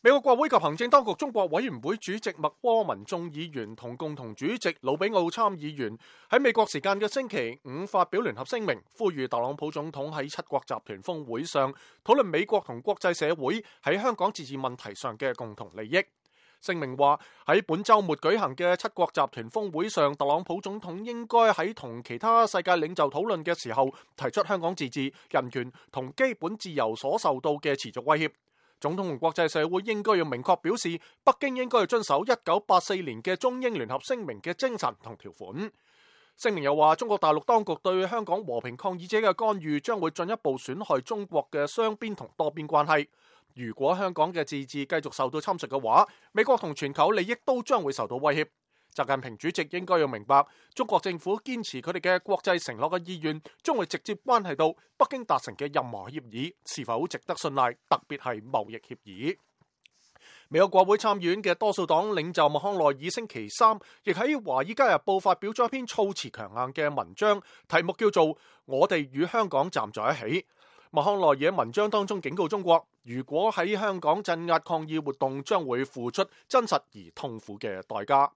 美國國會及行政當局中國委員會主席麥戈文眾議員同共同主席魯比奧參議員喺美國時間嘅星期五發表聯合聲明，呼籲特朗普總統喺七國集團峰會上討論美國同國際社會喺香港自治問題上嘅共同利益。聲明話喺本周末舉行嘅七國集團峰會上，特朗普總統應該喺同其他世界領袖討論嘅時候，提出香港自治、人權同基本自由所受到嘅持續威脅。總統同國際社會應該要明確表示，北京應該要遵守一九八四年嘅中英聯合聲明嘅精神同條款。聲明又話，中國大陸當局對香港和平抗議者嘅干預，將會進一步損害中國嘅雙邊同多邊關係。如果香港嘅自治繼續受到侵蝕嘅話，美國同全球利益都將會受到威脅。習近平主席應該要明白，中國政府堅持佢哋嘅國際承諾嘅意願，將會直接關係到北京達成嘅任何協議是否值得信賴，特別係貿易協議。美國國會參院嘅多數黨領袖麥康奈爾星期三亦喺《華爾街日報》發表咗一篇措辭強硬嘅文章，題目叫做《我哋與香港站在一起》。麥康奈爾喺文章當中警告中國，如果喺香港鎮壓抗議活動，將會付出真實而痛苦嘅代價。